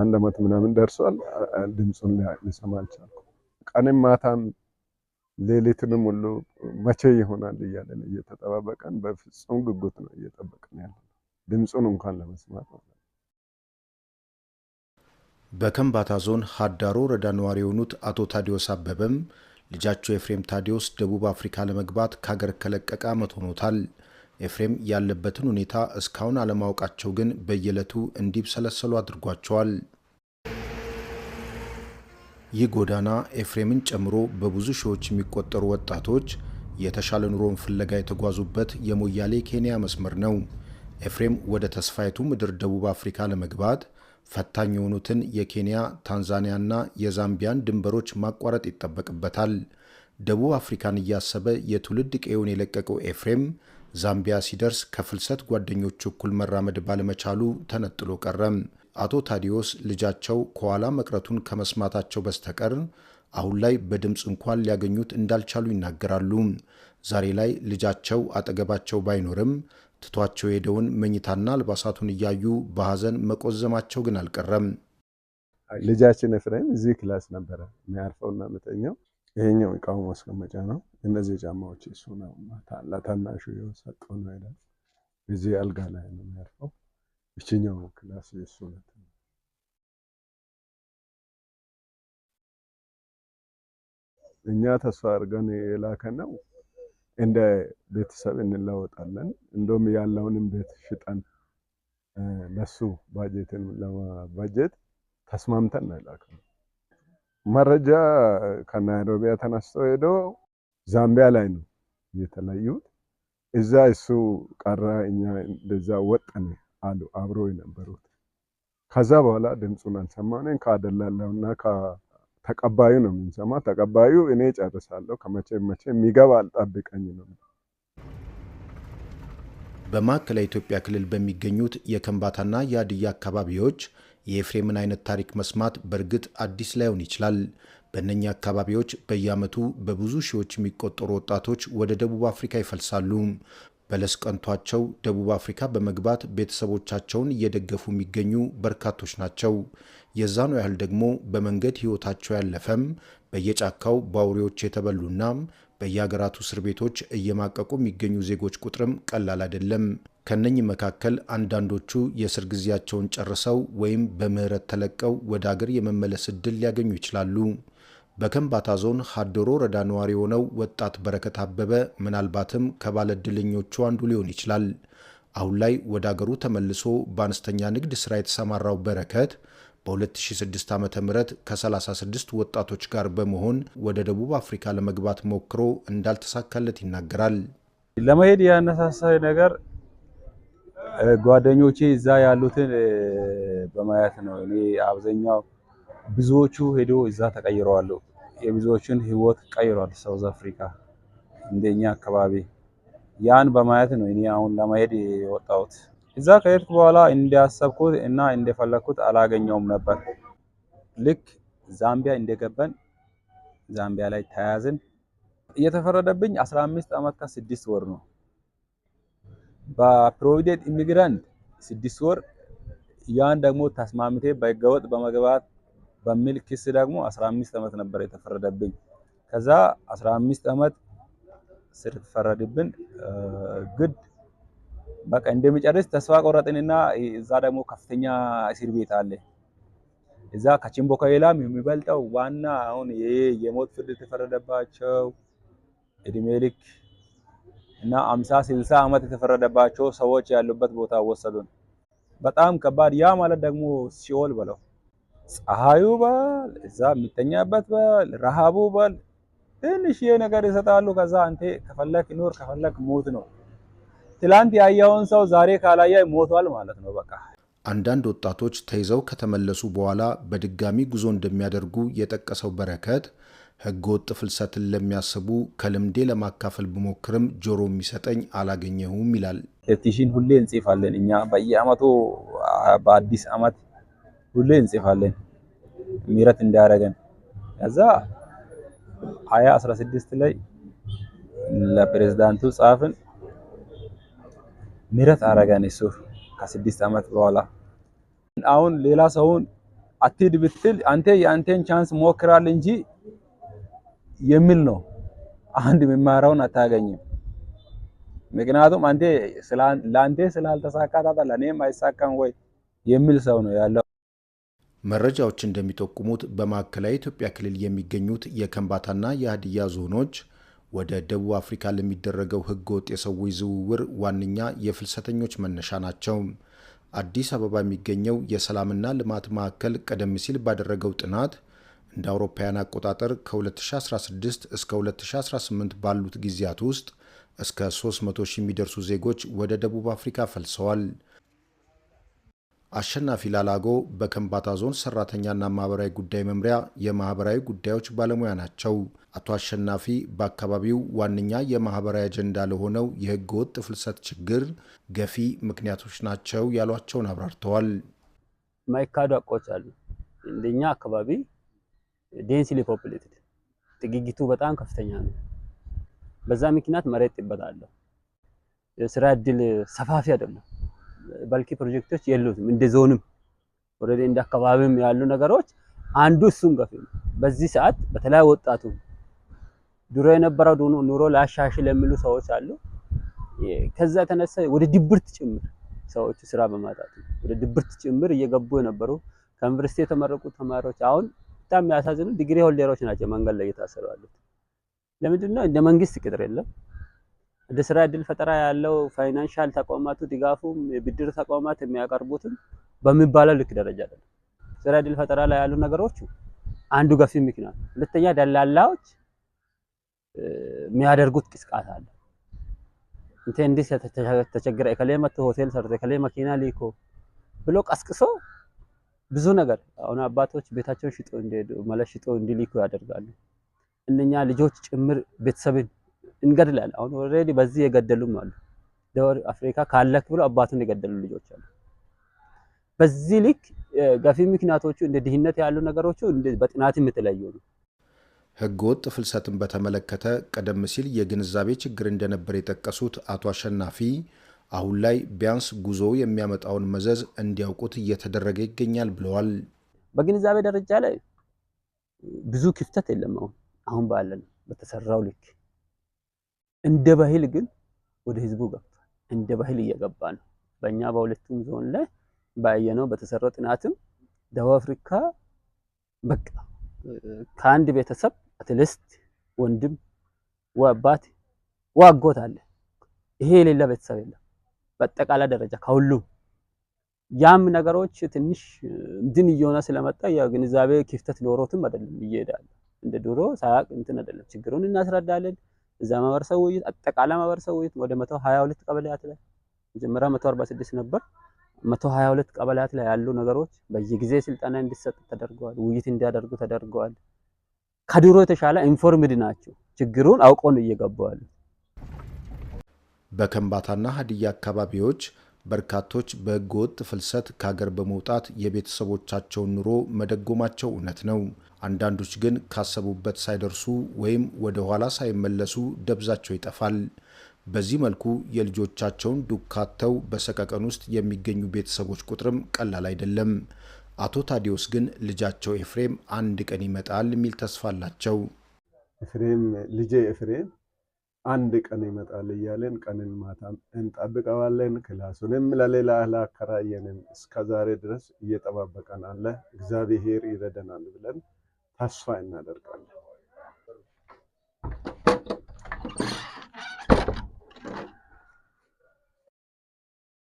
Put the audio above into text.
አንድ አመት ምናምን ደርሷል። ድምፁን ሊሰማ አልቻልኩም። ቀንም ማታም ሌሊትንም ሁሉ መቼ ይሆናል እያለን እየተጠባበቀን በፍጹም ጉጉት ነው እየጠበቅን ያለ ድምፁን እንኳን ለመስማት ነው። በከምባታ ዞን ሀዳሮ ወረዳ ነዋሪ የሆኑት አቶ ታዲዮስ አበበም ልጃቸው ኤፍሬም ታዲዮስ ደቡብ አፍሪካ ለመግባት ከሀገር ከለቀቀ አመት ሆኖታል። ኤፍሬም ያለበትን ሁኔታ እስካሁን አለማወቃቸው ግን በየዕለቱ እንዲብሰለሰሉ አድርጓቸዋል። ይህ ጎዳና ኤፍሬምን ጨምሮ በብዙ ሺዎች የሚቆጠሩ ወጣቶች የተሻለ ኑሮን ፍለጋ የተጓዙበት የሞያሌ ኬንያ መስመር ነው። ኤፍሬም ወደ ተስፋይቱ ምድር ደቡብ አፍሪካ ለመግባት ፈታኝ የሆኑትን የኬንያ ታንዛኒያና የዛምቢያን ድንበሮች ማቋረጥ ይጠበቅበታል። ደቡብ አፍሪካን እያሰበ የትውልድ ቀዬውን የለቀቀው ኤፍሬም ዛምቢያ ሲደርስ ከፍልሰት ጓደኞቹ እኩል መራመድ ባለመቻሉ ተነጥሎ ቀረም። አቶ ታዲዮስ ልጃቸው ከኋላ መቅረቱን ከመስማታቸው በስተቀር አሁን ላይ በድምፅ እንኳን ሊያገኙት እንዳልቻሉ ይናገራሉ። ዛሬ ላይ ልጃቸው አጠገባቸው ባይኖርም ትቷቸው የሄደውን መኝታና አልባሳቱን እያዩ በሐዘን መቆዘማቸው ግን አልቀረም። ልጃችን ኤፍሬም እዚህ ክላስ ነበረ የሚያርፈውና መተኛው። ይሄኛው እቃው ማስቀመጫ ነው። እነዚህ ጫማዎች እሱ ነው ለታናሹ የሰጠው ነው አይደል? እዚህ አልጋ ላይ ነው የሚያርፈው። ይችኛው ክላስ የእሱ ነው። እኛ ተስፋ አድርገን የላከ ነው። እንደ ቤተሰብ እንለወጣለን። እንደውም ያለውንም ቤት ሽጠን ለሱ ባጀትን ለማባጀት ተስማምተን ነው የላከነው። መረጃ ከናይሮቢያ ተነስቶ ሄደው ዛምቢያ ላይ ነው የተለዩት። እዛ እሱ ቀራ፣ እኛ እንደዛ ወጠን አሉ አብሮ የነበሩት። ከዛ በኋላ ድምፁን አልሰማንን። ከአደላለውና ተቀባዩ ነው የምንሰማ። ተቀባዩ እኔ ጨርሳለሁ ከመቼ መቼ የሚገባ አልጠብቀኝ ነው። በማዕከላዊ ኢትዮጵያ ክልል በሚገኙት የከንባታና የአድያ አካባቢዎች የኤፍሬምን አይነት ታሪክ መስማት በእርግጥ አዲስ ላይሆን ይችላል። በእነኚህ አካባቢዎች በየዓመቱ በብዙ ሺዎች የሚቆጠሩ ወጣቶች ወደ ደቡብ አፍሪካ ይፈልሳሉ። በለስ ቀንቷቸው ደቡብ አፍሪካ በመግባት ቤተሰቦቻቸውን እየደገፉ የሚገኙ በርካቶች ናቸው። የዛኑ ያህል ደግሞ በመንገድ ሕይወታቸው ያለፈም በየጫካው በአውሬዎች የተበሉና በየሀገራቱ እስር ቤቶች እየማቀቁ የሚገኙ ዜጎች ቁጥርም ቀላል አይደለም። ከነኚህ መካከል አንዳንዶቹ የእስር ጊዜያቸውን ጨርሰው ወይም በምህረት ተለቀው ወደ አገር የመመለስ ዕድል ሊያገኙ ይችላሉ። በከምባታ ዞን ሀደሮ ወረዳ ነዋሪ የሆነው ወጣት በረከት አበበ ምናልባትም ከባለ ዕድለኞቹ አንዱ ሊሆን ይችላል። አሁን ላይ ወደ አገሩ ተመልሶ በአነስተኛ ንግድ ሥራ የተሰማራው በረከት በ2006 ዓ ም ከ36 ወጣቶች ጋር በመሆን ወደ ደቡብ አፍሪካ ለመግባት ሞክሮ እንዳልተሳካለት ይናገራል። ለመሄድ ያነሳሳይ ነገር ጓደኞቼ እዛ ያሉትን በማየት ነው። እኔ አብዛኛው ብዙዎቹ ሄዶ እዛ ተቀይረዋል። የብዙዎችን ህይወት ቀይሯል። ሳውዝ አፍሪካ እንደኛ አካባቢ ያን በማየት ነው እኔ አሁን ለመሄድ የወጣሁት። እዛ ከሄድኩ በኋላ እንዳሰብኩት እና እንደፈለግኩት አላገኘውም ነበር። ልክ ዛምቢያ እንደገባን ዛምቢያ ላይ ተያዝን። እየተፈረደብኝ 15 ዓመት ከ6 ወር ነው። በፕሮቪደንት ኢሚግራንት ስድስት ወር ያን ደግሞ ተስማምቴ በህገወጥ በመግባት በሚል ክስ ደግሞ 15 ዓመት ነበር የተፈረደብኝ። ከዛ 15 ዓመት ስትፈረድብን ግድ በቃ እንደሚጨርስ ተስፋ ቆረጥንና እዛ ደግሞ ከፍተኛ እስር ቤት አለ። እዛ ከችምቦ ከሌላም የሚበልጠው ዋና አሁን የሞት ፍርድ የተፈረደባቸው እድሜ ልክ እና 50 60 ዓመት የተፈረደባቸው ሰዎች ያሉበት ቦታ ወሰዱን። በጣም ከባድ ያ ማለት ደግሞ ሲኦል በለው ፀሐዩ በል እዛ የሚተኛበት በል ረሃቡ በል ትንሽዬ ነገር ይሰጣሉ። ከዛ አንተ ከፈለክ ኑር ከፈለክ ሞት ነው። ትላንት ያየውን ሰው ዛሬ ካላያ ሞቷል ማለት ነው በቃ። አንዳንድ ወጣቶች ተይዘው ከተመለሱ በኋላ በድጋሚ ጉዞ እንደሚያደርጉ የጠቀሰው በረከት ወጥ ፍልሰትን ለሚያስቡ ከልምዴ ለማካፈል ብሞክርም ጆሮ የሚሰጠኝ አላገኘሁም ይላል። ቴፕቲሽን ሁሌ እንጽፋለን እኛ በየአመቱ በአዲስ አመት ሁሌ እንጽፋለን ምህረት እንዳያደርገን። ከዛ ሀያ አስራ ስድስት ላይ ለፕሬዝዳንቱ ጻፍን። ምህረት አረገን እሱ ከስድስት ዓመት በኋላ። አሁን ሌላ ሰውን አትሂድ ብትል አንተ የአንተን ቻንስ ሞክራል እንጂ የሚል ነው። አንድ የሚማራውን አታገኝም። ምክንያቱም አንተ ለአንተ ስላልተሳካ ለእኔም አይሳካም ወይ የሚል ሰው ነው ያለው። መረጃዎች እንደሚጠቁሙት በማዕከላዊ ኢትዮጵያ ክልል የሚገኙት የከምባታና የሀዲያ ዞኖች ወደ ደቡብ አፍሪካ ለሚደረገው ህገወጥ የሰዎች ዝውውር ዋነኛ የፍልሰተኞች መነሻ ናቸው። አዲስ አበባ የሚገኘው የሰላምና ልማት ማዕከል ቀደም ሲል ባደረገው ጥናት እንደ አውሮፓውያን አቆጣጠር ከ2016 እስከ 2018 ባሉት ጊዜያት ውስጥ እስከ 300 ሺህ የሚደርሱ ዜጎች ወደ ደቡብ አፍሪካ ፈልሰዋል። አሸናፊ ላላጎ በከምባታ ዞን ሰራተኛና ማህበራዊ ጉዳይ መምሪያ የማህበራዊ ጉዳዮች ባለሙያ ናቸው። አቶ አሸናፊ በአካባቢው ዋነኛ የማህበራዊ አጀንዳ ለሆነው የህገ ወጥ ፍልሰት ችግር ገፊ ምክንያቶች ናቸው ያሏቸውን አብራርተዋል። ማይካዱ አቋዎች አሉ። እንደኛ አካባቢ ዴንስሊ ፖፕሌትድ ጥግጊቱ በጣም ከፍተኛ ነው። በዛ ምክንያት መሬት ጥበት አለው። የስራ እድል ሰፋፊ አይደለም። ባልኪ ፕሮጀክቶች የሉትም። እንደ ዞንም ወደ እንደ አካባቢም ያሉ ነገሮች አንዱ እሱም ገፊ ነው። በዚህ ሰዓት በተለይ ወጣቱ ድሮ የነበረው ኑሮ ላሻሽል የሚሉ ሰዎች አሉ። ከዛ የተነሳ ወደ ድብርት ጭምር ሰዎቹ ስራ በማጣት ወደ ድብርት ጭምር እየገቡ የነበሩ ከዩኒቨርሲቲ የተመረቁ ተማሪዎች አሁን በጣም የሚያሳዝኑ ዲግሪ ሆልደሮች ናቸው መንገድ ላይ እየታሰሩ ያሉት። ለምንድን ነው? እንደ መንግስት ቅጥር የለም ለስራ እድል ፈጠራ ያለው ፋይናንሻል ተቋማቱ ድጋፉም ብድር ተቋማት የሚያቀርቡትም በሚባለው ልክ ደረጃ አይደለም። ስራ እድል ፈጠራ ላይ ያሉ ነገሮች አንዱ ገፊ ምክንያት፣ ሁለተኛ ደላላዎች የሚያደርጉት ቅስቃሴ አለ። እንተ እንዲህ ተቸግረ እከሌ ሆቴል ሰርተ እከሌ መኪና ሊኮ ብሎ ቀስቅሶ ብዙ ነገር አሁን አባቶች ቤታቸውን ሽጦ እንዲሄዱ መለስ ሽጦ እንዲሊኩ ያደርጋሉ። እነኛ ልጆች ጭምር ቤተሰብን እንገድላለን። አሁን ኦልሬዲ በዚህ የገደሉም አሉ። ደወር አፍሪካ ካለክ ብሎ አባቱን የገደሉ ልጆች አሉ። በዚህ ልክ ገፊ ምክንያቶቹ እንደ ድህነት ያሉ ነገሮቹ በጥናት የተለዩ ነው። ህገወጥ ፍልሰትን በተመለከተ ቀደም ሲል የግንዛቤ ችግር እንደነበር የጠቀሱት አቶ አሸናፊ አሁን ላይ ቢያንስ ጉዞ የሚያመጣውን መዘዝ እንዲያውቁት እየተደረገ ይገኛል ብለዋል። በግንዛቤ ደረጃ ላይ ብዙ ክፍተት የለም። አሁን አሁን ባለን በተሰራው ልክ እንደ ባህል ግን ወደ ህዝቡ ገባ እንደ ባህል እየገባ ነው። በእኛ በሁለቱም ዞን ላይ ባየነው በተሰራው ጥናትም ደቡብ አፍሪካ በቃ ከአንድ ቤተሰብ አትሊስት ወንድም ወአባት ዋጎት አለ። ይሄ የሌለ ቤተሰብ የለም። በአጠቃላይ ደረጃ ከሁሉም ያም ነገሮች ትንሽ እንትን እየሆነ ስለመጣ ያው ግንዛቤ ክፍተት ኖሮትም አይደለም እየሄዳለ እንደ ድሮ ሳያቅ እንትን አይደለም። ችግሩን እናስረዳለን። እዛ ማህበረሰብ ውይይት አጠቃላይ ማህበረሰብ ውይይት ወደ 122 ቀበሌያት ላይ መጀመሪያ 146 ነበር። 122 ቀበሌያት ላይ ያሉ ነገሮች በየጊዜ ስልጠና እንዲሰጥ ተደርገዋል። ውይይት እንዲያደርጉ ተደርገዋል። ከድሮ የተሻለ ኢንፎርምድ ናቸው። ችግሩን አውቀው ነው እየገቡ በከምባታና ሀዲያ አካባቢዎች በርካቶች በህገ ፍልሰት ከሀገር በመውጣት የቤተሰቦቻቸውን ኑሮ መደጎማቸው እውነት ነው። አንዳንዶች ግን ካሰቡበት ሳይደርሱ ወይም ወደ ኋላ ሳይመለሱ ደብዛቸው ይጠፋል። በዚህ መልኩ የልጆቻቸውን ዱካተው በሰቀቀን ውስጥ የሚገኙ ቤተሰቦች ቁጥርም ቀላል አይደለም። አቶ ታዲዮስ ግን ልጃቸው ኤፍሬም አንድ ቀን ይመጣል የሚል ተስፋ አላቸው። ኤፍሬም ልጄ ኤፍሬም አንድ ቀን ይመጣል እያለን ቀንን ማታም እንጠብቀዋለን። ክላሱንም ለሌላ ላከራየንም እስከዛሬ ድረስ እየጠባበቀን አለ። እግዚአብሔር ይረደናል ብለን ተስፋ እናደርጋለን።